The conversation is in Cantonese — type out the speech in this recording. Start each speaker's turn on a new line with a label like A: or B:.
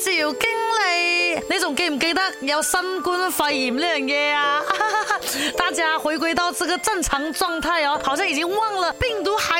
A: 趙經理，你仲記唔記得有新冠肺炎呢樣嘢啊？ 大家回歸到這個正常狀態哦，好像已經忘了病毒還在。